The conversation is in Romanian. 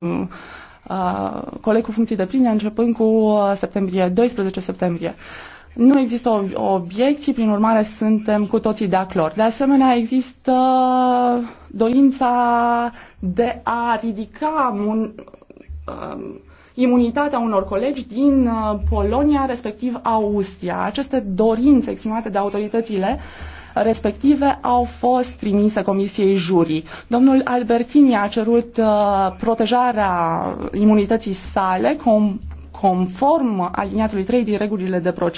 Mm, uh, coleg cu funcții de pline începând cu uh, septembrie, 12 septembrie. Nu există obiecții, prin urmare suntem cu toții de acord. De asemenea, există dorința de a ridica mun, um, imunitatea unor colegi din uh, Polonia, respectiv Austria. Aceste dorințe exprimate de autoritățile uh, respective au fost trimise Comisiei Jurii. Domnul Albertini a cerut uh, protejarea imunității sale conform aliniatului 3 din regulile de proces.